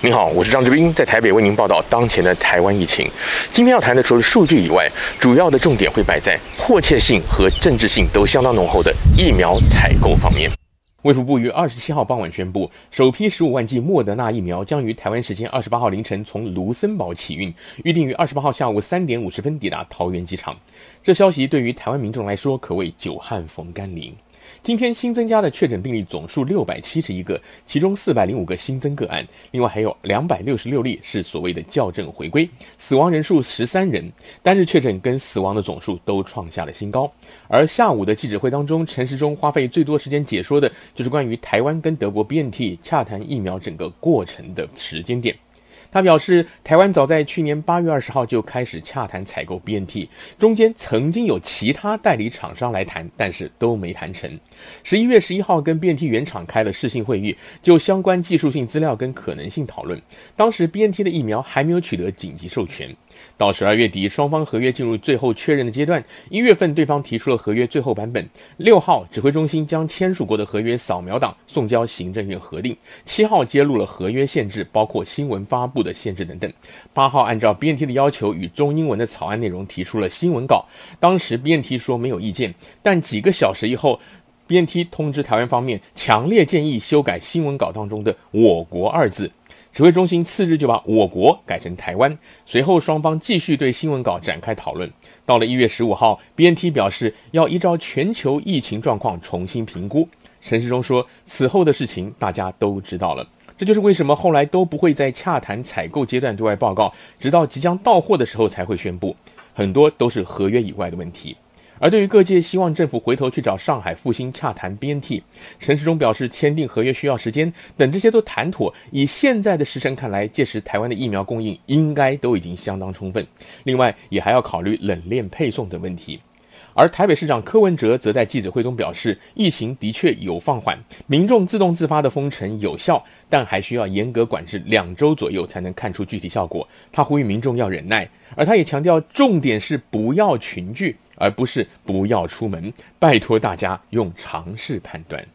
你好，我是章志斌，在台北為您報道當前的台灣疫情。今天要談的除了數據以外，主要的重點會擺在迫切性和政治性都相當濃厚的疫苗採購方面。衛福部於二十七號傍晚宣布，首批十五萬劑莫德納疫苗將於台灣時間二十八號凌晨從盧森堡起運，預定於二十八號下午三點五十分抵達桃園機場。這消息對於台灣民眾來說可謂久旱逢甘霖。今天新增加的確診病例總數六百七十一個，其中四百零五個新增個案，另外還有兩百六十六例是所謂的校正回歸，死亡人數十三人，單日確診跟死亡的總數都創下了新高。而下午的記者會當中，陳時中花費最多時間解說的就是關於台灣跟德國 BNT 洽談疫苗整個過程的時間點。他表示，台灣早在去年八月二十號就開始洽談採購 BNT，中間曾經有其他代理廠商來談，但是都沒談成。十一月十一號跟 BNT 原廠開了視訊會議，就相關技術性資料跟可能性討論。當時 BNT 的疫苗還沒有取得緊急授權，到十二月底雙方合約進入最後確認的階段。一月份對方提出了合約最後版本，六號指揮中心將簽署過的合約掃描檔送交行政院核定，七號揭露了合約限制，包括新聞發布的限制等等。八號按照 BNT 的要求，與中英文的草案內容提出了新聞稿。當時 BNT 說沒有意見，但幾個小時以後，BNT 通知台灣方面，強烈建議修改新聞稿當中的“我國”二字。指揮中心次日就把“我國”改成“台灣”。隨後雙方繼續對新聞稿展開討論。到了一月十五號，BNT 表示要依照全球疫情狀況重新評估。陳時中說：“此後的事情大家都知道了。”這就是為什麼後來都不會在洽談採購階段對外報告，直到即將到貨的時候才會宣布。很多都是合約以外的問題。而對於各界希望政府回頭去找上海復星洽談 BNT，陳時中表示，簽訂合約需要時間，等這些都談妥。以現在的時程看來，屆時台灣的疫苗供應應該都已經相當充分。另外，也還要考慮冷鏈配送等問題。而台北市長柯文哲則在記者會中表示，疫情的確有放緩，民眾自動自發的封城有效，但還需要嚴格管制兩周左右才能看出具體效果。他呼籲民眾要忍耐，而他也強調，重點是不要群聚，而不是不要出門。拜托大家用常識判斷。